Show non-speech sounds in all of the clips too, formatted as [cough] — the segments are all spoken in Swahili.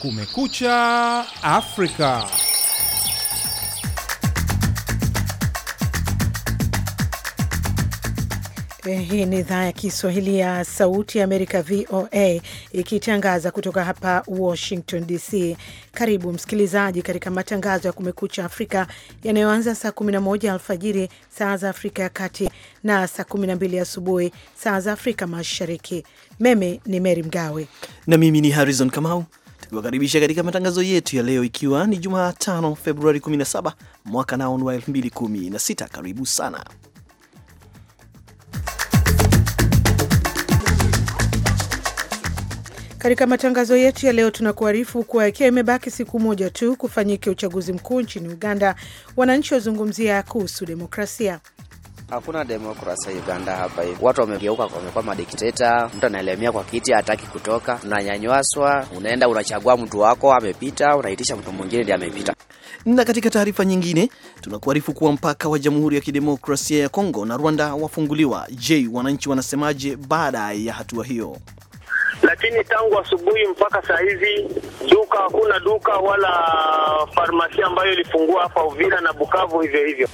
Kumekucha Afrika. Eh, hii ni idhaa ya Kiswahili ya Sauti ya Amerika, VOA, ikitangaza kutoka hapa Washington DC. Karibu msikilizaji katika matangazo ya Kumekucha Afrika yanayoanza saa 11 alfajiri saa za Afrika ya Kati na saa 12 asubuhi saa za Afrika Mashariki. Mimi ni Meri Mgawe na mimi ni Harrison Kamau, tukiwakaribisha katika matangazo yetu ya leo, ikiwa ni Jumatano Februari 17 mwaka nao wa 2016. Karibu sana Katika matangazo yetu ya leo tunakuarifu kuwa ikiwa imebaki siku moja tu kufanyike uchaguzi mkuu nchini Uganda, wananchi wazungumzia kuhusu demokrasia. Hakuna demokrasia Uganda hapa hivi. Watu wamegeuka, wamekuwa madikteta. Mtu anaelemea kwa kiti, hataki kutoka, unanyanywaswa unaenda unachagua mtu wako amepita, unaitisha mtu mwingine ndiye amepita. Na katika taarifa nyingine, tunakuarifu kuwa mpaka wa Jamhuri ya Kidemokrasia ya Kongo na Rwanda wafunguliwa. Je, wananchi wanasemaje baada ya hatua hiyo? Lakini tangu asubuhi mpaka saa hizi duka hakuna duka wala farmasia ambayo ilifungua hapa Uvira na Bukavu, hivyo hivyo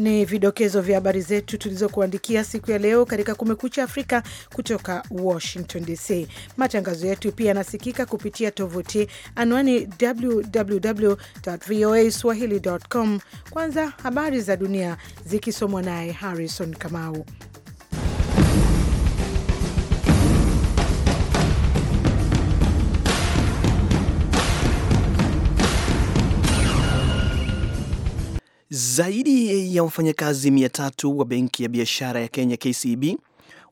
ni vidokezo vya habari zetu tulizokuandikia siku ya leo katika Kumekucha Afrika kutoka Washington DC. Matangazo yetu pia yanasikika kupitia tovuti anwani www voa swahili.com. Kwanza habari za dunia zikisomwa naye Harrison Kamau. Zaidi ya wafanyakazi mia tatu wa benki ya biashara ya Kenya KCB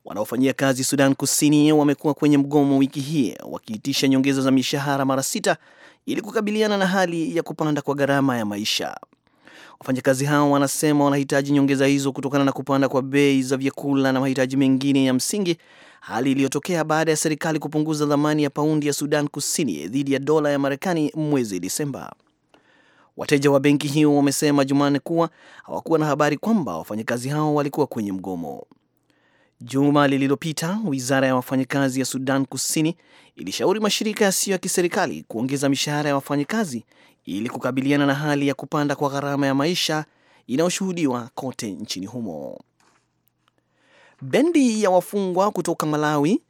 wanaofanyia kazi Sudan Kusini wamekuwa kwenye mgomo wiki hii wakiitisha nyongeza za mishahara mara sita ili kukabiliana na hali ya kupanda kwa gharama ya maisha. Wafanyakazi hao wanasema wanahitaji nyongeza hizo kutokana na kupanda kwa bei za vyakula na mahitaji mengine ya msingi, hali iliyotokea baada ya serikali kupunguza dhamani ya paundi ya Sudan Kusini dhidi ya dola ya Marekani mwezi Disemba. Wateja wa benki hiyo wamesema Jumanne kuwa hawakuwa na habari kwamba wafanyakazi hao walikuwa kwenye mgomo. Juma lililopita, wizara ya wafanyakazi ya Sudan Kusini ilishauri mashirika yasiyo ya kiserikali kuongeza mishahara ya wafanyakazi ili kukabiliana na hali ya kupanda kwa gharama ya maisha inayoshuhudiwa kote nchini humo. Bendi ya wafungwa kutoka Malawi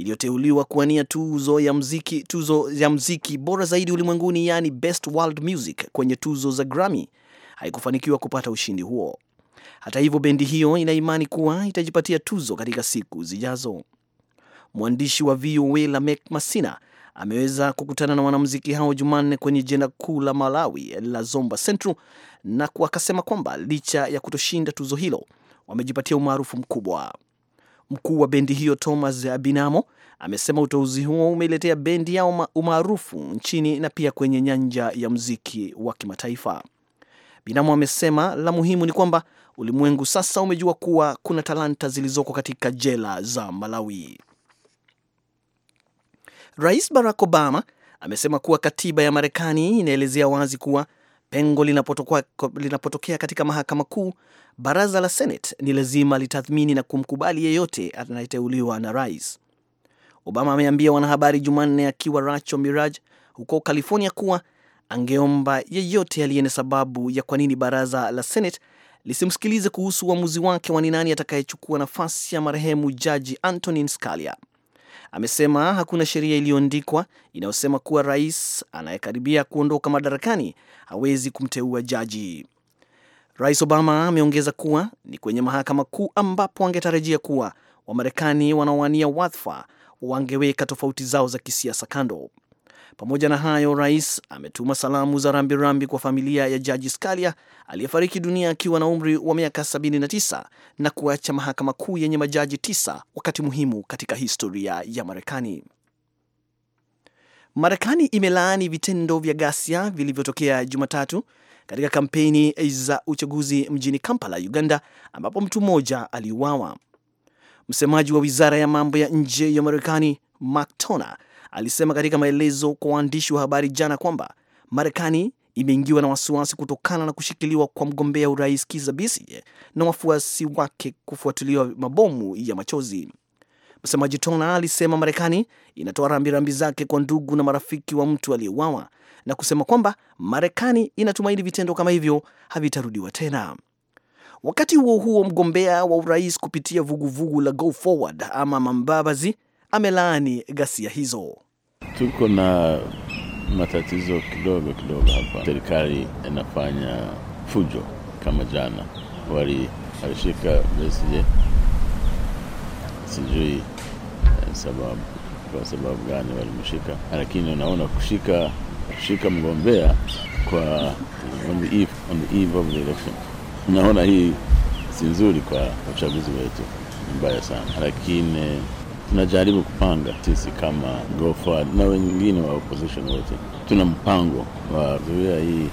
iliyoteuliwa kuwania tuzo ya mziki, tuzo ya mziki bora zaidi ulimwenguni yani Best World Music kwenye tuzo za Grammy haikufanikiwa kupata ushindi huo. Hata hivyo, bendi hiyo ina imani kuwa itajipatia tuzo katika siku zijazo. Mwandishi wa VOA Lamek Masina ameweza kukutana na wanamuziki hao Jumanne kwenye jela kuu la Malawi la Zomba Central na akasema kwamba licha ya kutoshinda tuzo hilo wamejipatia umaarufu mkubwa. Mkuu wa bendi hiyo Thomas Abinamo amesema uteuzi huo umeiletea bendi yao umaarufu nchini na pia kwenye nyanja ya muziki wa kimataifa. Binamo amesema la muhimu ni kwamba ulimwengu sasa umejua kuwa kuna talanta zilizoko katika jela za Malawi. Rais Barack Obama amesema kuwa katiba ya Marekani inaelezea wazi kuwa Pengo linapotokea katika mahakama kuu, baraza la Senate ni lazima litathmini na kumkubali yeyote anayeteuliwa na rais. Obama ameambia wanahabari Jumanne akiwa racho Mirage huko California kuwa angeomba yeyote aliye na sababu ya kwa nini baraza la Senate lisimsikilize kuhusu uamuzi wake wa ni nani atakayechukua nafasi ya marehemu jaji Antonin Scalia. Amesema hakuna sheria iliyoandikwa inayosema kuwa rais anayekaribia kuondoka madarakani hawezi kumteua jaji. Rais Obama ameongeza kuwa ni kwenye mahakama kuu ambapo angetarajia kuwa Wamarekani wanaowania wadhifa wangeweka tofauti zao za kisiasa kando. Pamoja na hayo, rais ametuma salamu za rambirambi rambi kwa familia ya jaji Scalia aliyefariki dunia akiwa na umri wa miaka 79 na kuacha mahakama kuu yenye majaji tisa wakati muhimu katika historia ya Marekani. Marekani imelaani vitendo vya ghasia vilivyotokea Jumatatu katika kampeni za uchaguzi mjini Kampala, Uganda, ambapo mtu mmoja aliuawa. Msemaji wa wizara ya mambo ya nje ya Marekani Mark Toner alisema katika maelezo kwa waandishi wa habari jana kwamba Marekani imeingiwa na wasiwasi kutokana na kushikiliwa kwa mgombea urais Kizza Besigye na wafuasi wake kufuatiliwa mabomu ya machozi. Msemaji Tona alisema Marekani inatoa rambirambi zake kwa ndugu na marafiki wa mtu aliyeuawa na kusema kwamba Marekani inatumaini vitendo kama hivyo havitarudiwa tena. Wakati huo huo, mgombea wa urais kupitia vuguvugu vugu la Go Forward ama Mambabazi amelaani ghasia hizo. Tuko na matatizo kidogo kidogo hapa. Serikali inafanya fujo, kama jana walishika Besigye, sijui eh, sababu kwa sababu gani walimshika, lakini unaona kushika kushika mgombea kwa on the eve, on the eve of the election. Unaona hii si nzuri kwa uchaguzi wetu, ni mbaya sana lakini tunajaribu kupanga sisi kama Go Forward na wengine wa opposition wote, tuna mpango wa zuia hii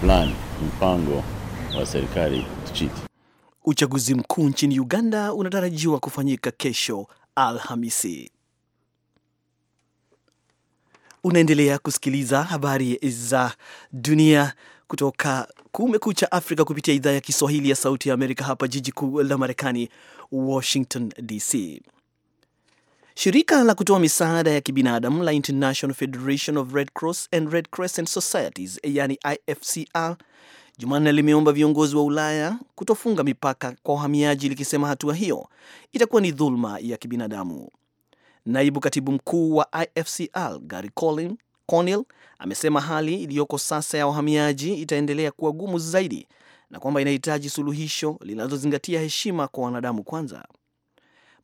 plan, mpango wa serikali tuchiti. Uchaguzi mkuu nchini Uganda unatarajiwa kufanyika kesho Alhamisi. Unaendelea kusikiliza habari za dunia kutoka Kumekucha Afrika kupitia idhaa ya Kiswahili ya Sauti ya Amerika, hapa jiji kuu la Marekani, Washington DC. Shirika la kutoa misaada ya kibinadamu la International Federation of Red Cross and Red Crescent Societies, yani IFCR, Jumanne limeomba viongozi wa Ulaya kutofunga mipaka kwa wahamiaji likisema hatua hiyo itakuwa ni dhuluma ya kibinadamu. Naibu katibu mkuu wa IFCR Gary Connell amesema hali iliyoko sasa ya wahamiaji itaendelea kuwa gumu zaidi na kwamba inahitaji suluhisho linalozingatia heshima kwa wanadamu kwanza.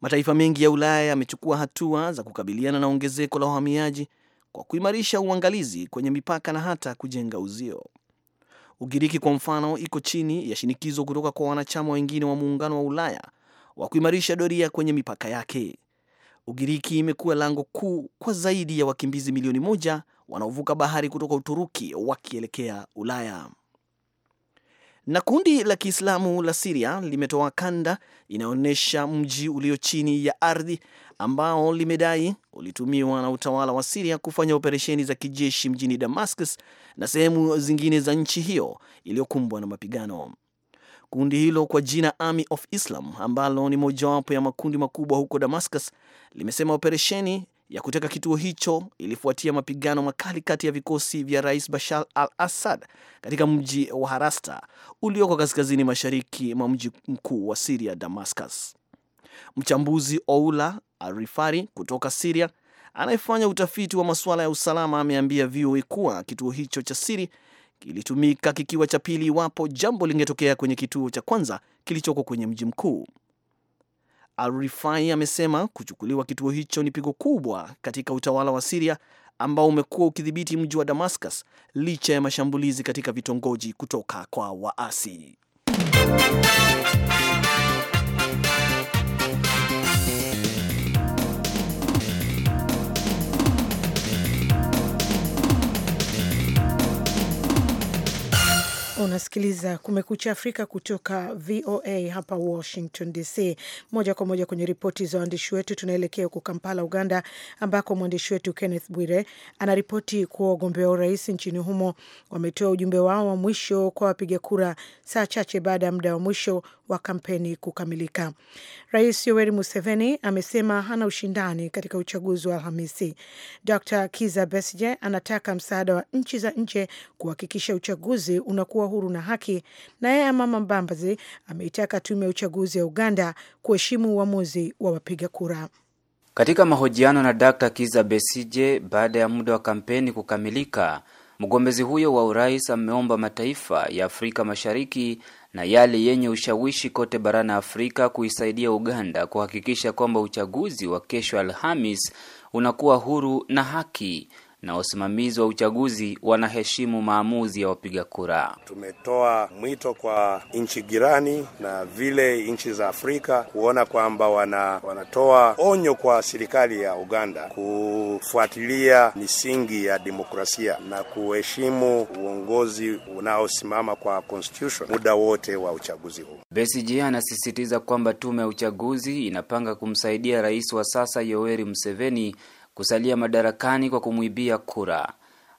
Mataifa mengi ya Ulaya yamechukua hatua za kukabiliana na ongezeko la wahamiaji kwa kuimarisha uangalizi kwenye mipaka na hata kujenga uzio. Ugiriki kwa mfano, iko chini ya shinikizo kutoka kwa wanachama wengine wa Muungano wa Ulaya wa kuimarisha doria kwenye mipaka yake. Ugiriki imekuwa lango kuu kwa zaidi ya wakimbizi milioni moja wanaovuka bahari kutoka Uturuki wakielekea Ulaya. Na kundi la Kiislamu la Siria limetoa kanda inaonyesha mji ulio chini ya ardhi ambao limedai ulitumiwa na utawala wa Siria kufanya operesheni za kijeshi mjini Damascus na sehemu zingine za nchi hiyo iliyokumbwa na mapigano. Kundi hilo kwa jina Army of Islam ambalo ni mojawapo ya makundi makubwa huko Damascus limesema operesheni ya kuteka kituo hicho ilifuatia mapigano makali kati ya vikosi vya Rais Bashar al-Assad katika mji wa Harasta ulioko kaskazini mashariki mwa mji mkuu wa Siria, Damascus. Mchambuzi Oula Arifari kutoka Siria anayefanya utafiti wa masuala ya usalama ameambia VOA kuwa kituo hicho cha siri kilitumika kikiwa cha pili iwapo jambo lingetokea kwenye kituo cha kwanza kilichoko kwenye mji mkuu arifai amesema kuchukuliwa kituo hicho ni pigo kubwa katika utawala wa Siria ambao umekuwa ukidhibiti mji wa Damascus licha ya mashambulizi katika vitongoji kutoka kwa waasi. Unasikiliza Kumekucha Afrika kutoka VOA hapa Washington DC. Moja kwa moja kwenye ripoti za waandishi wetu, tunaelekea huko Kampala, Uganda, ambako mwandishi wetu Kenneth Bwire anaripoti kuwa wagombea wa urais nchini humo wametoa ujumbe wao wa mwisho kwa wapiga kura saa chache baada ya muda wa mwisho wa kampeni kukamilika. Rais Yoweri Museveni amesema hana ushindani katika uchaguzi wa Alhamisi. Dr Kiza Besige anataka msaada wa nchi za nje kuhakikisha uchaguzi unakuwa huru na haki, na Amama mbambazi ameitaka tume ya uchaguzi ya Uganda kuheshimu uamuzi wa wapiga kura. Katika mahojiano na Dr Kiza besije baada ya muda wa kampeni kukamilika Mgombezi huyo wa urais ameomba mataifa ya Afrika Mashariki na yale yenye ushawishi kote barani Afrika kuisaidia Uganda kuhakikisha kwamba uchaguzi wa kesho Alhamis unakuwa huru na haki na wasimamizi wa uchaguzi wanaheshimu maamuzi ya wapiga kura. Tumetoa mwito kwa nchi jirani na vile nchi za Afrika kuona kwamba wana, wanatoa onyo kwa serikali ya Uganda kufuatilia misingi ya demokrasia na kuheshimu uongozi unaosimama kwa constitution muda wote wa uchaguzi huu. Besigye anasisitiza kwamba tume ya uchaguzi inapanga kumsaidia rais wa sasa Yoweri Museveni kusalia madarakani kwa kumwibia kura.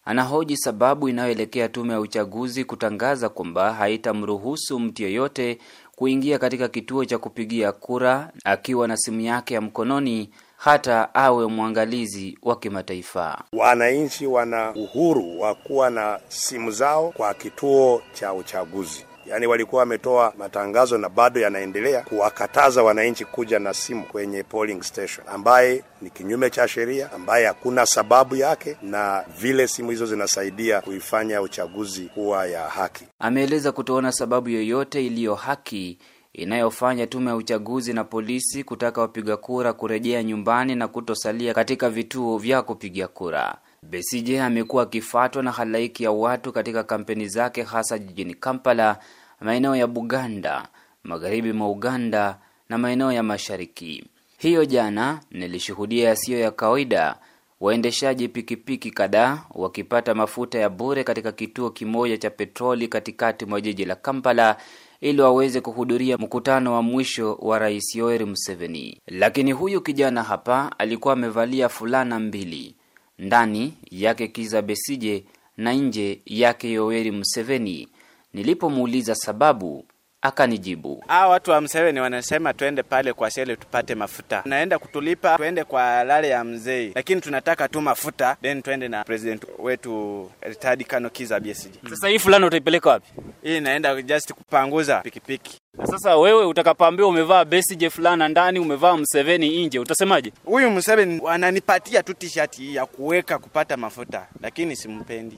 Anahoji sababu inayoelekea tume ya uchaguzi kutangaza kwamba haitamruhusu mtu yeyote kuingia katika kituo cha kupigia kura akiwa na simu yake ya mkononi hata awe mwangalizi wa kimataifa. Wananchi wana uhuru wa kuwa na simu zao kwa kituo cha uchaguzi yani walikuwa wametoa matangazo na bado yanaendelea kuwakataza wananchi kuja na simu kwenye polling station, ambaye ni kinyume cha sheria, ambaye hakuna sababu yake, na vile simu hizo zinasaidia kuifanya uchaguzi kuwa ya haki. Ameeleza kutoona sababu yoyote iliyo haki inayofanya tume ya uchaguzi na polisi kutaka wapiga kura kurejea nyumbani na kutosalia katika vituo vya kupiga kura. Besigye amekuwa akifatwa na halaiki ya watu katika kampeni zake hasa jijini Kampala, maeneo ya Buganda, magharibi mwa Uganda na maeneo ya mashariki. Hiyo jana nilishuhudia yasiyo ya kawaida, waendeshaji pikipiki kadhaa wakipata mafuta ya bure katika kituo kimoja cha petroli katikati mwa jiji la Kampala ili waweze kuhudhuria mkutano wa mwisho wa Rais Yoweri Museveni. Lakini huyu kijana hapa alikuwa amevalia fulana mbili, ndani yake Kiza Besije na nje yake Yoweri Museveni. Nilipomuuliza sababu akanijibu, hawa watu wa mseveni wanasema tuende pale kwa shele tupate mafuta, naenda kutulipa tuende kwa lale ya mzee, lakini tunataka tu mafuta, then tuende na president wetu Retired Kano Kiza Besije. Sasa hii fulani utaipeleka wapi? Hii naenda just kupanguza pikipiki na sasa wewe utakapoambiwa umevaa Besigye fulana ndani, umevaa Museveni nje, utasemaje? Huyu Museveni ananipatia tu t-shirt hii ya kuweka kupata mafuta, lakini simpendi.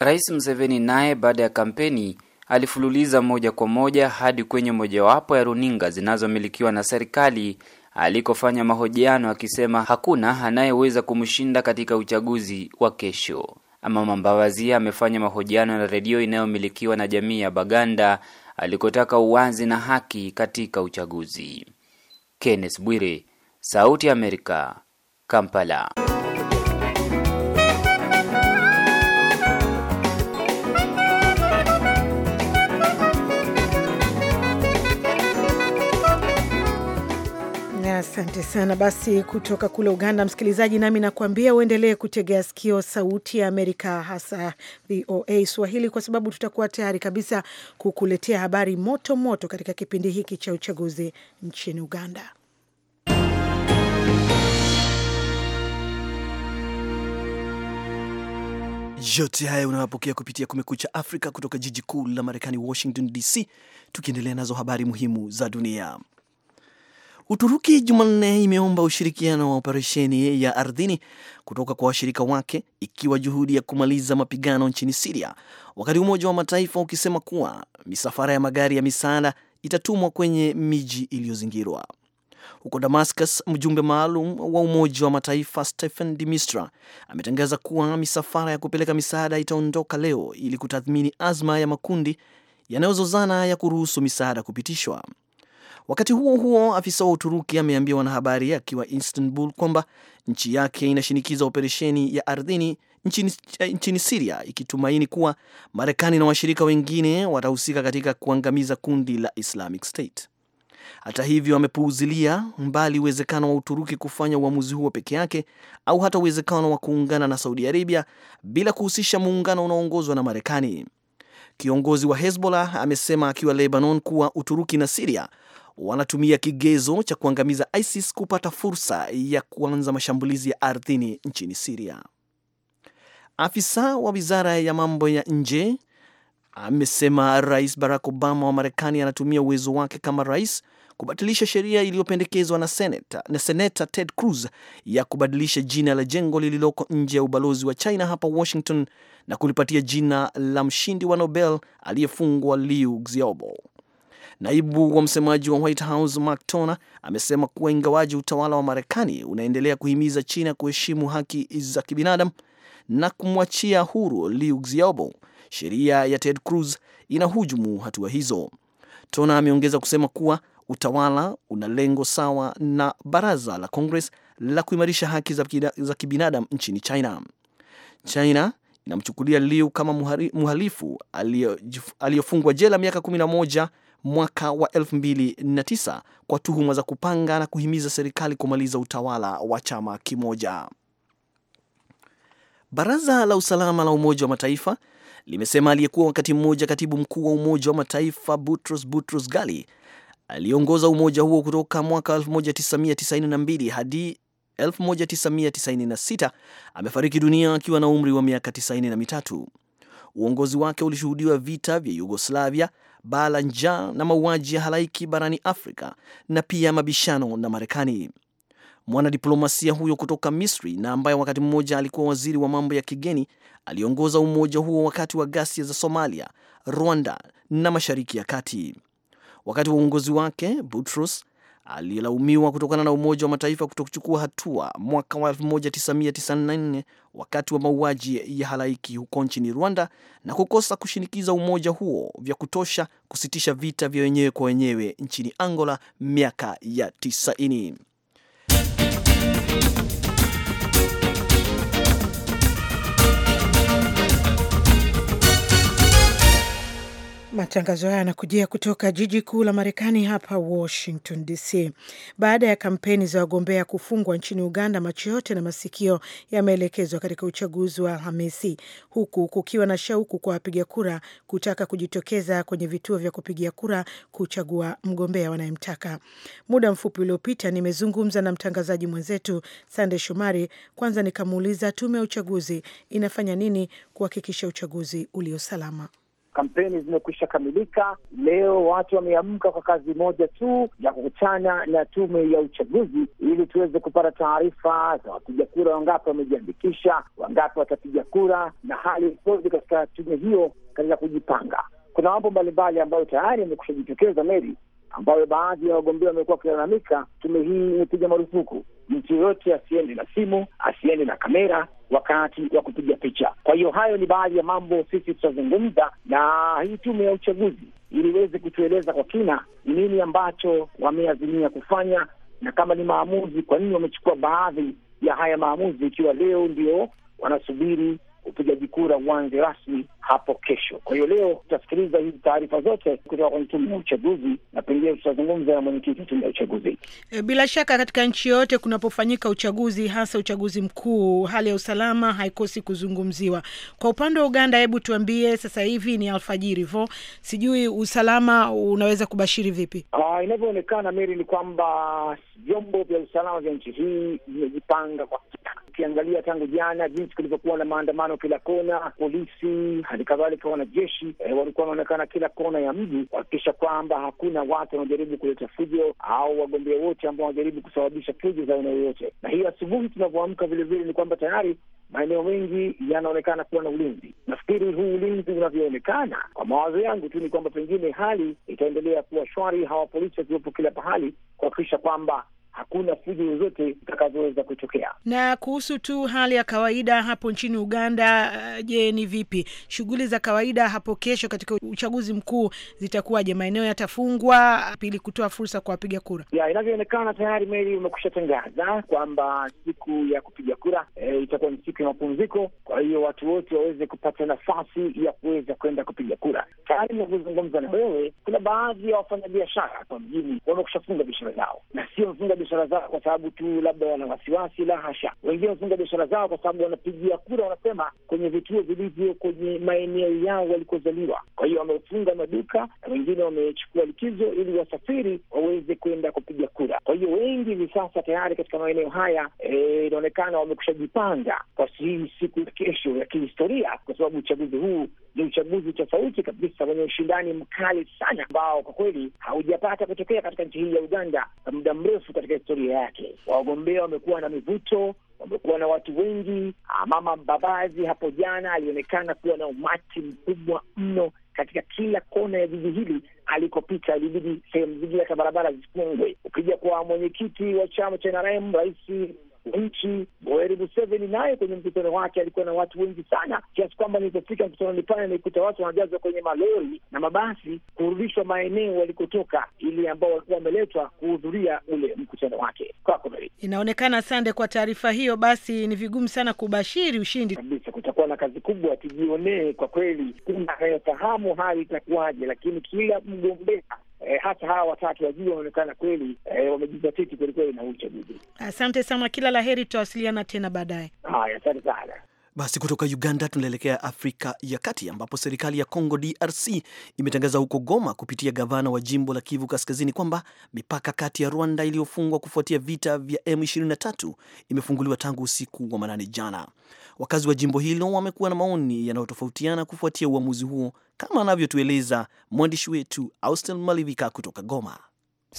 Rais Museveni naye baada ya kampeni alifululiza moja kwa moja hadi kwenye mojawapo ya runinga zinazomilikiwa na serikali alikofanya mahojiano akisema hakuna anayeweza kumshinda katika uchaguzi wa kesho. Ama Mambawazia amefanya mahojiano na redio inayomilikiwa na jamii ya Baganda alikotaka uwazi na haki katika uchaguzi. Kenneth Bwire, Sauti ya Amerika, Kampala. Asante sana basi, kutoka kule Uganda, msikilizaji, nami nakuambia uendelee kutegea sikio Sauti ya Amerika, hasa VOA Swahili, kwa sababu tutakuwa tayari kabisa kukuletea habari moto moto katika kipindi hiki cha uchaguzi nchini Uganda. Yote haya unayopokea kupitia Kumekucha Afrika kutoka jiji kuu la Marekani, Washington DC, tukiendelea nazo habari muhimu za dunia. Uturuki Jumanne imeomba ushirikiano wa operesheni ya ardhini kutoka kwa washirika wake ikiwa juhudi ya kumaliza mapigano nchini Siria, wakati Umoja wa Mataifa ukisema kuwa misafara ya magari ya misaada itatumwa kwenye miji iliyozingirwa. Huko Damascus, mjumbe maalum wa Umoja wa Mataifa Stephen de ametangaza kuwa misafara ya kupeleka misaada itaondoka leo ili kutathmini azma ya makundi yanayozozana ya kuruhusu misaada kupitishwa. Wakati huo huo, afisa wa Uturuki ameambia wanahabari akiwa Istanbul kwamba nchi yake inashinikiza operesheni ya ardhini nchini, eh, nchini Siria ikitumaini kuwa Marekani na washirika wengine watahusika katika kuangamiza kundi la Islamic State. Hata hivyo, amepuuzilia mbali uwezekano wa Uturuki kufanya uamuzi huo peke yake au hata uwezekano wa kuungana na Saudi Arabia bila kuhusisha muungano unaoongozwa na Marekani. Kiongozi wa Hezbollah amesema akiwa Lebanon kuwa Uturuki na Siria wanatumia kigezo cha kuangamiza ISIS kupata fursa ya kuanza mashambulizi ya ardhini nchini Siria. Afisa wa wizara ya mambo ya nje amesema Rais Barack Obama wa Marekani anatumia uwezo wake kama rais kubatilisha sheria iliyopendekezwa na seneta, na seneta Ted Cruz ya kubadilisha jina la jengo lililoko nje ya ubalozi wa China hapa Washington na kulipatia jina la mshindi wa Nobel aliyefungwa Liu Xiaobo. Naibu wa msemaji wa White House Mark Tona amesema kuwa ingawaji utawala wa Marekani unaendelea kuhimiza China kuheshimu haki za kibinadamu na kumwachia huru Liu Xiaobo, sheria ya Ted Cruz inahujumu hatua hizo. Tona ameongeza kusema kuwa utawala una lengo sawa na baraza la Congress la kuimarisha haki za kibinadamu nchini China. China inamchukulia Liu kama muhalifu aliyofungwa jela miaka 11 mwaka wa 2009 kwa tuhuma za kupanga na kuhimiza serikali kumaliza utawala wa chama kimoja. Baraza la usalama la Umoja wa Mataifa limesema aliyekuwa wakati mmoja katibu mkuu wa Umoja wa Mataifa Butros Butros Ghali aliongoza umoja huo kutoka mwaka 1992 hadi 1996 amefariki dunia akiwa na umri wa miaka 93 uongozi wake ulishuhudiwa vita vya Yugoslavia, baa la njaa na mauaji ya halaiki barani Afrika na pia mabishano na Marekani. Mwanadiplomasia huyo kutoka Misri na ambaye wakati mmoja alikuwa waziri wa mambo ya kigeni aliongoza umoja huo wakati wa ghasia za Somalia, Rwanda na mashariki ya kati. Wakati wa uongozi wake, Boutros aliyelaumiwa kutokana na Umoja wa Mataifa kutokuchukua hatua mwaka wa 1994 wakati wa mauaji ya halaiki huko nchini Rwanda na kukosa kushinikiza umoja huo vya kutosha kusitisha vita vya wenyewe kwa wenyewe nchini Angola miaka ya 90. Matangazo haya yanakujia kutoka jiji kuu la Marekani, hapa Washington DC. Baada ya kampeni za wagombea kufungwa nchini Uganda, macho yote na masikio yameelekezwa katika uchaguzi wa Alhamisi, huku kukiwa na shauku kwa wapiga kura kutaka kujitokeza kwenye vituo vya kupigia kura kuchagua mgombea wanayemtaka. Muda mfupi uliopita nimezungumza na mtangazaji mwenzetu Sande Shomari. Kwanza nikamuuliza tume ya uchaguzi inafanya nini kuhakikisha uchaguzi ulio salama. Kampeni zimekwisha kamilika. Leo watu wameamka kwa kazi moja tu ya kukutana na tume ya uchaguzi ili tuweze kupata taarifa za wapiga kura, wangapi wamejiandikisha, wangapi watapiga kura na hali ikoje katika tume hiyo katika kujipanga. Kuna mambo mbalimbali ambayo tayari yamekusha jitokeza meri ambayo baadhi ya wagombea wamekuwa wakilalamika, tume hii imepiga marufuku mtu yoyote asiende na simu, asiende na kamera wakati wa kupiga picha. Kwa hiyo hayo ni baadhi ya mambo sisi tutazungumza na hii tume ya uchaguzi ili iweze kutueleza kwa kina ni nini ambacho wameazimia kufanya na kama ni maamuzi, kwa nini wamechukua baadhi ya haya maamuzi, ikiwa leo ndio wanasubiri upigaji kura uanze rasmi hapo kesho. Kwa hiyo leo tutasikiliza hizi taarifa zote kutoka kwenye tume ya uchaguzi na pengine tutazungumza na mwenyekiti wa tume ya uchaguzi. E, bila shaka katika nchi yote kunapofanyika uchaguzi, hasa uchaguzi mkuu, hali ya usalama haikosi kuzungumziwa. Kwa upande wa Uganda, hebu tuambie sasa hivi ni alfajiri vo, sijui usalama unaweza kubashiri vipi? Ah, inavyoonekana Meri, ni kwamba vyombo vya usalama vya nchi hii vimejipanga kwa kina ukiangalia tangu jana jinsi kulivyokuwa na maandamano kila kona, polisi hali kadhalika wanajeshi e, walikuwa wanaonekana kila kona ya mji kuhakikisha kwamba hakuna watu wanaojaribu kuleta fujo au wagombea wote ambao wanajaribu kusababisha fujo za aina yoyote. Na hiyo asubuhi tunavyoamka vilevile ni kwamba tayari maeneo mengi yanaonekana kuwa na ulinzi. Nafikiri huu ulinzi unavyoonekana, kwa mawazo yangu tu, ni kwamba pengine hali itaendelea kuwa shwari, hawa polisi wakiwepo kila pahali kuhakikisha kwamba hakuna fujo zozote zitakazoweza kutokea. Na kuhusu tu hali ya kawaida hapo nchini Uganda, uh, je, ni vipi shughuli za kawaida hapo kesho katika uchaguzi mkuu zitakuwaje? Maeneo yatafungwa ili kutoa fursa kwa wapiga kura? Ya, inavyoonekana tayari meli umekusha tangaza kwamba siku ya kupiga kura e, itakuwa ni siku ya mapumziko, kwa hiyo watu wote waweze kupata nafasi ya kuweza kwenda kupiga kura. Tayari inavyozungumza na wewe, kuna baadhi ya wafanyabiashara hapa mjini wamekushafunga biashara zao na sio mfunga biashara zao kwa sababu tu labda wana wasiwasi, la hasha. Wengine wamefunga biashara zao kwa sababu wanapigia kura, wanasema kwenye vituo vilivyo kwenye maeneo yao walikozaliwa. Kwa hiyo wamefunga maduka, na wengine wamechukua likizo ili wasafiri waweze kwenda kupiga kura. Kwa hiyo wengi hivi sasa tayari katika maeneo haya e, inaonekana e, wamekusha jipanga kwa hii siku ya kesho ya kihistoria, kwa sababu uchaguzi huu ni uchaguzi tofauti kabisa wenye ushindani mkali sana ambao kwa kweli haujapata kutokea katika nchi hii ya Uganda kwa muda mrefu katika historia yake. Wagombea wamekuwa na mivuto, wamekuwa na watu wengi. Ah, mama Mbabazi hapo jana alionekana kuwa na umati mkubwa mno katika kila kona ya jiji hili alikopita, ilibidi sehemu zingine hata barabara zifungwe. Ukija kwa mwenyekiti wa chama cha NRM, Rais nchi. Yoweri Museveni naye kwenye mkutano wake alikuwa na watu wengi sana, kiasi kwamba nilipofika mkutanoni pale nilikuta watu wanajazwa kwenye malori na mabasi kurudishwa maeneo walikotoka, ili ambao walikuwa wameletwa kuhudhuria ule mkutano wake. Kwako inaonekana sande. Kwa taarifa hiyo, basi ni vigumu sana kubashiri ushindi kabisa. Kutakuwa na kazi kubwa, tujionee kwa kweli, kuna anayofahamu hali itakuwaje, lakini kila mgombea e, eh, hata hawa watatu wajuu wanaonekana kweli e, wamejizatiti kwelikweli na huu uchaguzi. Asante sana, kila la heri, tutawasiliana tena baadaye. Haya, asante sana. Basi kutoka Uganda tunaelekea Afrika ya Kati, ambapo serikali ya Congo DRC imetangaza huko Goma kupitia gavana wa jimbo la Kivu Kaskazini kwamba mipaka kati ya Rwanda iliyofungwa kufuatia vita vya M23 imefunguliwa tangu usiku wa manane jana. Wakazi wa jimbo hilo wamekuwa na maoni yanayotofautiana kufuatia uamuzi huo, kama anavyotueleza mwandishi wetu Austin Malivika kutoka Goma.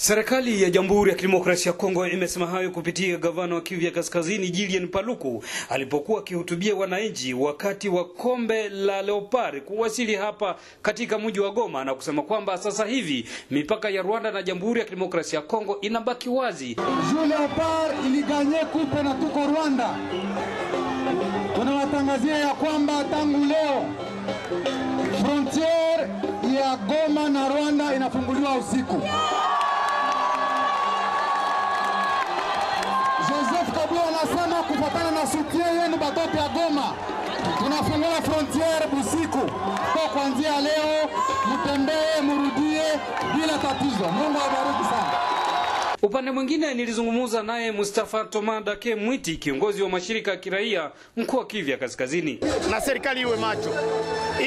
Serikali ya Jamhuri ya Kidemokrasia ya Kongo imesema hayo kupitia gavana wa Kivu ya Kaskazini Julien Paluku alipokuwa akihutubia wananchi wakati wa kombe la Leopard kuwasili hapa katika mji wa Goma na kusema kwamba sasa hivi mipaka ya Rwanda na Jamhuri ya Kidemokrasia ya Kongo inabaki wazi. Ju Leopard iliganye kupe na tuko Rwanda. Tunawatangazia ya kwamba tangu leo frontiere ya Goma na Rwanda inafunguliwa usiku. kufuatana na sutie yenu Batoto ya Goma, tunafungula frontiere Busiku kwa kuanzia leo, mtembee murudie bila tatizo. Mungu awabariki sana. Upande mwingine nilizungumza naye Mustafa Tomada ke Mwiti, kiongozi wa mashirika ya kiraia mkoa Kivya Kaskazini. Na serikali iwe macho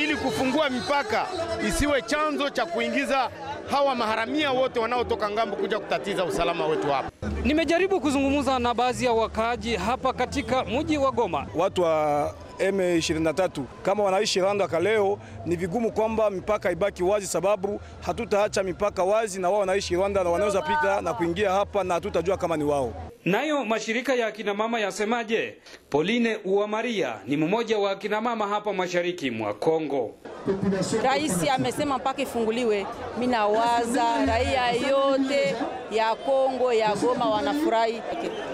ili kufungua mipaka isiwe chanzo cha kuingiza hawa maharamia wote wanaotoka ngambo kuja kutatiza usalama wetu hapa. Nimejaribu kuzungumza na baadhi ya wakaaji hapa katika mji wa Goma. Watu wa M23. Kama wanaishi Rwanda kaleo, ni vigumu kwamba mipaka ibaki wazi, sababu hatutaacha mipaka wazi, na wao wanaishi Rwanda na wanaweza pita na kuingia hapa, na hatutajua kama ni wao. Nayo mashirika ya akinamama yasemaje? Pauline uamaria ni mmoja wa akinamama hapa mashariki mwa Kongo. Rais amesema mpaka ifunguliwe. Mimi nawaza raia yote ya Kongo ya Goma wanafurahi,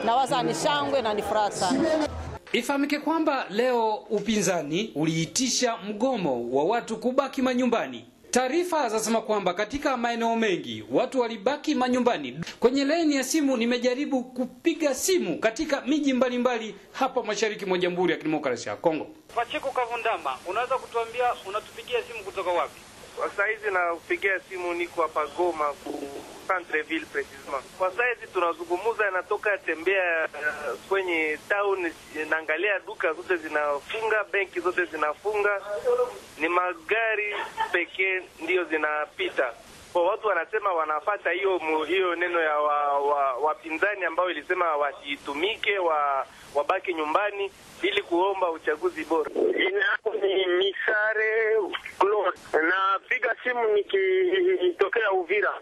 nawaza ni shangwe na ni furaha sana. Ifahamike kwamba leo upinzani uliitisha mgomo wa watu kubaki manyumbani. Taarifa zasema kwamba katika maeneo mengi watu walibaki manyumbani. Kwenye laini ya simu nimejaribu kupiga simu katika miji mbalimbali hapa mashariki mwa Jamhuri ya Kidemokrasia ya Kongo. Pachiko Kavundamba, unaweza kutuambia unatupigia simu kutoka wapi? Kwa saizi nakupigia simu, niko hapa Goma ku Centreville precisement. Kwa saizi tunazungumuza, inatoka tembea uh, kwenye town, naangalia duka zote zinafunga, benki zote zinafunga, ni magari pekee ndiyo zinapita. Kwa watu wanasema wanafata hiyo hiyo neno ya wapinzani wa, wa ambao ilisema wasiitumike wa, wabaki nyumbani ili kuomba uchaguzi bora. Jina yangu ni Misare Claude, napiga simu nikitokea Uvira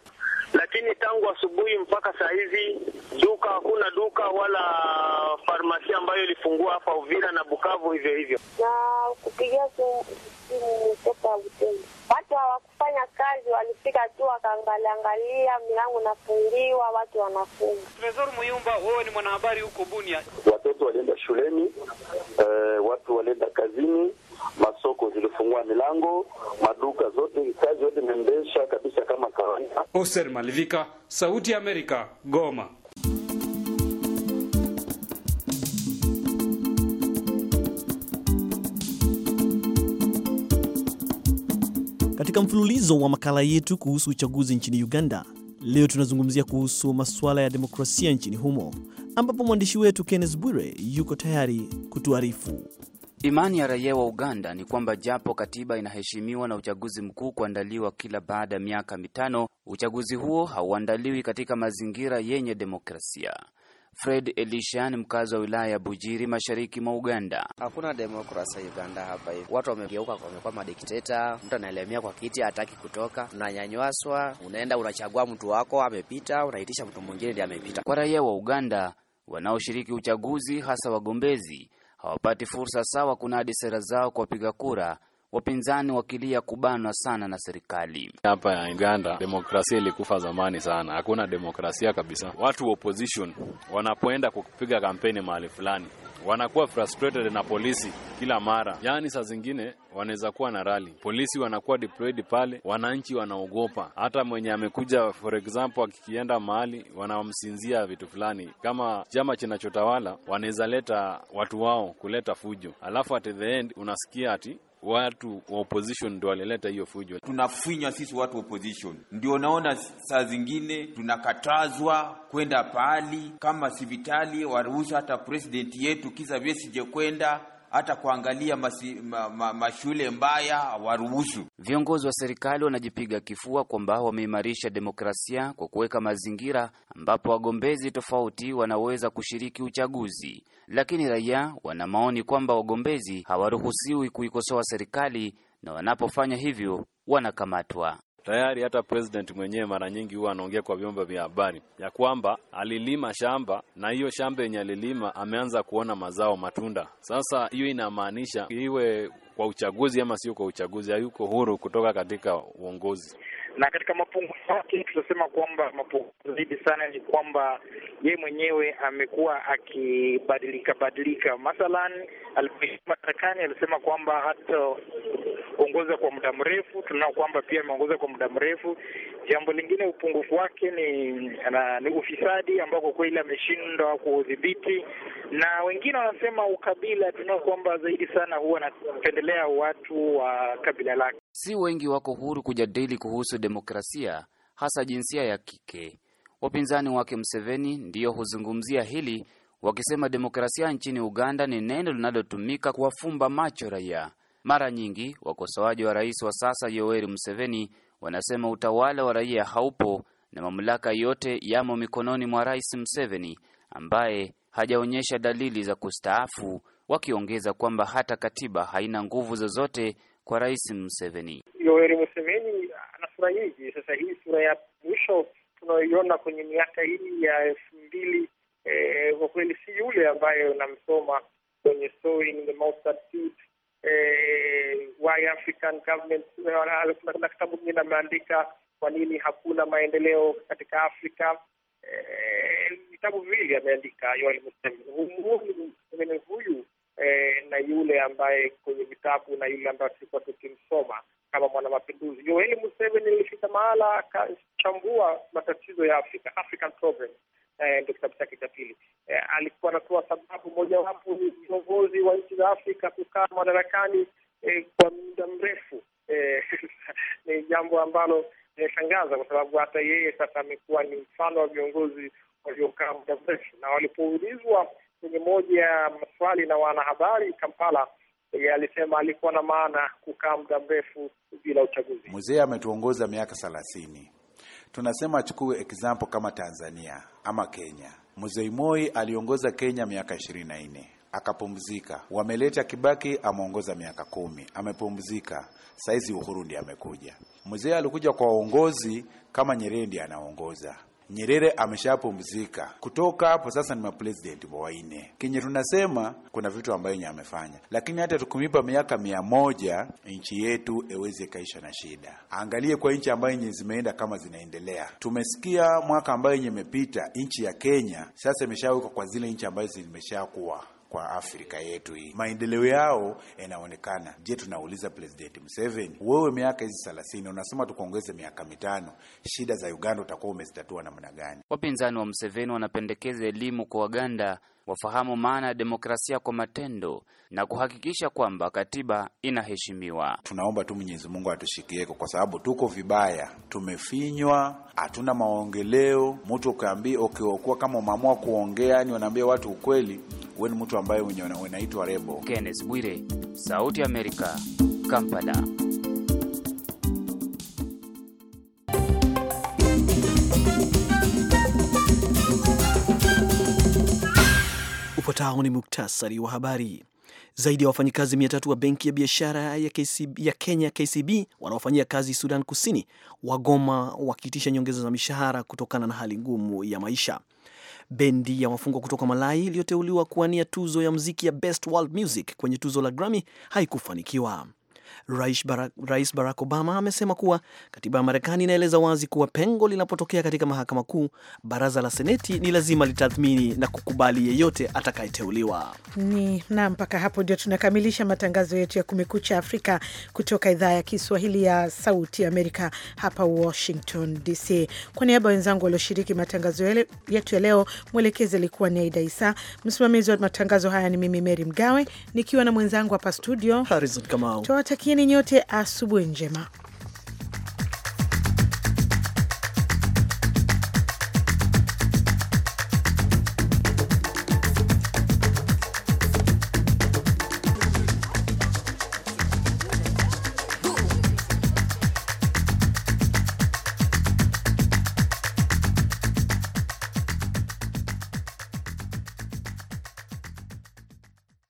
lakini tangu asubuhi mpaka saa hizi duka hakuna duka wala farmasia ambayo ilifungua hapa Uvira na Bukavu hivyo hivyo, na kupigia simu mtoto Butembo, watu hawakufanya kazi, walifika tu wakaangaliangalia, milango nafungiwa, watu wanafunga. Mezoru Muyumba, wewe ni mwanahabari huko Bunia. Watoto walienda shuleni, uh, watu walienda kazini masoko zilifungua milango, maduka zote, kazi yote imeendesha kabisa kama kawaida. Oser Malivika, Sauti ya Amerika, Goma. Katika mfululizo wa makala yetu kuhusu uchaguzi nchini Uganda, leo tunazungumzia kuhusu masuala ya demokrasia nchini humo, ambapo mwandishi wetu Kenneth Bwire yuko tayari kutuarifu. Imani ya raia wa Uganda ni kwamba japo katiba inaheshimiwa na uchaguzi mkuu kuandaliwa kila baada ya miaka mitano, uchaguzi huo hauandaliwi katika mazingira yenye demokrasia. Fred Elishan, mkazi wa wilaya ya Bujiri, mashariki mwa Uganda. Hakuna demokrasia Uganda hapa hivi, watu wamegeuka, wamekuwa madikteta. Mtu anaelemea kwa kiti, hataki kutoka, unanyanywaswa Unaenda unachagua mtu wako amepita, unaitisha mtu mwingine ndiye amepita. Kwa raia wa Uganda wanaoshiriki uchaguzi, hasa wagombezi hawapati fursa sawa kunadi sera zao kwa wapiga kura, wapinzani wakilia kubanwa sana na serikali. Hapa ya Uganda demokrasia ilikufa zamani sana, hakuna demokrasia kabisa. Watu wa opposition wanapoenda kupiga kampeni mahali fulani wanakuwa frustrated na polisi kila mara, yaani saa zingine wanaweza kuwa na rali, polisi wanakuwa deployed pale, wananchi wanaogopa. Hata mwenye amekuja for example, akikienda mahali wanamsinzia vitu fulani, kama chama kinachotawala wanaweza leta watu wao kuleta fujo, alafu at the end unasikia ati watu wa opposition ndio walileta hiyo fujo. Tunafinywa sisi watu wa opposition, ndio naona saa zingine tunakatazwa kwenda pahali kama sivitali, waruhusa hata president yetu kisa vyesije kwenda hata kuangalia masi, ma, ma, mashule mbaya waruhusu. Viongozi wa serikali wanajipiga kifua kwamba wameimarisha demokrasia kwa kuweka mazingira ambapo wagombezi tofauti wanaweza kushiriki uchaguzi, lakini raia wana maoni kwamba wagombezi hawaruhusiwi kuikosoa serikali na wanapofanya hivyo wanakamatwa. Tayari hata president mwenyewe mara nyingi huwa anaongea kwa vyombo vya habari ya kwamba alilima shamba na hiyo shamba yenye alilima ameanza kuona mazao, matunda. Sasa hiyo inamaanisha iwe kwa uchaguzi ama sio kwa uchaguzi, hayuko huru kutoka katika uongozi na katika mapungufu yake tunasema kwamba mapungufu zaidi sana ni kwamba yeye mwenyewe amekuwa akibadilika badilika. Mathalan, alipoishia madarakani alisema kwamba hataongoza kwa muda mrefu. tunao kwamba pia ameongoza kwa muda mrefu. Jambo lingine, upungufu wake ni na, ni ufisadi ambao kwa kweli ameshindwa kuudhibiti, na wengine wanasema ukabila. tunao kwamba zaidi sana huwa anapendelea watu wa kabila lake. Si wengi wako huru kujadili kuhusu demokrasia, hasa jinsia ya kike. Wapinzani wake mseveni ndiyo huzungumzia hili wakisema demokrasia nchini Uganda ni neno linalotumika kuwafumba macho raia. Mara nyingi wakosoaji wa rais wa sasa Yoweri Museveni wanasema utawala wa raia haupo na mamlaka yote yamo mikononi mwa rais Museveni ambaye hajaonyesha dalili za kustaafu, wakiongeza kwamba hata katiba haina nguvu zozote kwa Rais Museveni. Yoweri Museveni anafurahiji sasa. Hii sura ya mwisho tunayoiona kwenye miaka hii ya elfu mbili eh, kwa kweli si yule ambaye unamsoma kwenye Sowing the Mustard eh, Why African kitabu kingine ameandika kwa nini hakuna maendeleo katika Afrika. Eh, vitabu viwili ameandika Yoweri Museveni. Huyu eh, na yule ambaye kwenye vitabu na yule ambaye tulikuwa tukimsoma kama mwanamapinduzi. Yoweri Museveni ilifika mahala akachambua matatizo ya Afrika, African Problem eh, ndo kitabu chake cha pili. Eh, alikuwa anatoa sababu mojawapo ni viongozi wa nchi za Afrika kukaa madarakani eh, kwa muda mrefu eh, [laughs] ni jambo ambalo inashangaza kwa sababu hata yeye sasa amekuwa ni mfano wa viongozi waliokaa muda mrefu, na walipoulizwa kwenye moja ya maswali na wanahabari Kampala eh, alisema alikuwa na maana kukaa muda mrefu bila uchaguzi. Mzee ametuongoza miaka thelathini. Tunasema achukue example kama Tanzania ama Kenya. Mzee Moi aliongoza Kenya miaka ishirini na nne akapumzika. Wameleta Kibaki ameongoza miaka kumi amepumzika. Saizi Uhuru ndiye amekuja. Mzee alikuja kwa uongozi kama Nyerere ndiye anaongoza. Nyerere ameshapumzika kutoka hapo. Sasa ni mapresident waine kenye tunasema kuna vitu ambayo nye amefanya, lakini hata tukumipa miaka mia moja nchi yetu iweze kaisha na shida. Angalie kwa nchi ambayo nye zimeenda kama zinaendelea. Tumesikia mwaka ambayo nye imepita nchi ya Kenya sasa imeshawekwa kwa zile nchi ambayo zimeshakuwa kwa Afrika yetu hii, maendeleo yao yanaonekana. Je, tunauliza President Museveni, wewe miaka hizi 30 unasema tukuongeze miaka mitano, shida za Uganda utakuwa umezitatua namna gani? Wapinzani wa Museveni wanapendekeza elimu kwa Waganda wafahamu maana ya demokrasia kwa matendo na kuhakikisha kwamba katiba inaheshimiwa. Tunaomba tu Mwenyezi Mungu atushikieko, kwa sababu tuko vibaya, tumefinywa, hatuna maongeleo. Mtu ukaambia ukiokuwa kama umeamua kuongea, ni wanaambia watu ukweli, huwe ni mtu ambaye unaitwa rebo. Kenneth Bwire, Sauti ya Amerika, Kampala. Ufuatao ni muktasari wa habari. Zaidi ya wafanyikazi mia tatu wa benki ya biashara ya, ya Kenya KCB wanaofanyia kazi Sudan Kusini wagoma wakiitisha nyongeza za mishahara kutokana na hali ngumu ya maisha. Bendi ya wafungwa kutoka Malawi iliyoteuliwa kuwania tuzo ya mziki ya Best World Music kwenye tuzo la Grammy haikufanikiwa. Rais Barack, Rais Barack Obama amesema kuwa katiba ya Marekani inaeleza wazi kuwa pengo linapotokea katika mahakama kuu, baraza la Seneti ni lazima litathmini na kukubali yeyote atakayeteuliwa. Na mpaka hapo ndio tunakamilisha matangazo yetu ya Kumekucha Afrika kutoka idhaa ya Kiswahili ya Sauti Amerika hapa Washington DC. Kwa niaba wenzangu walioshiriki matangazo yetu ya leo, mwelekezi alikuwa ni Aida Isa, msimamizi wa matangazo haya ni mimi Meri Mgawe nikiwa na mwenzangu hapa studio Harrison Kamau watakieni nyote asubuhi njema.